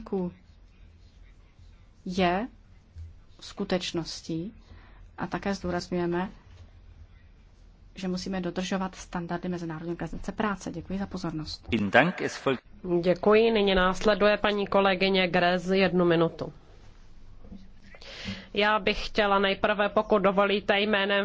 podniků je skutečností a také zdůrazňujeme, že musíme dodržovat standardy Mezinárodní organizace práce. Děkuji za pozornost. Děkuji. Nyní následuje paní kolegyně Grez jednu minutu. Já bych chtěla nejprve, pokud dovolíte, jménem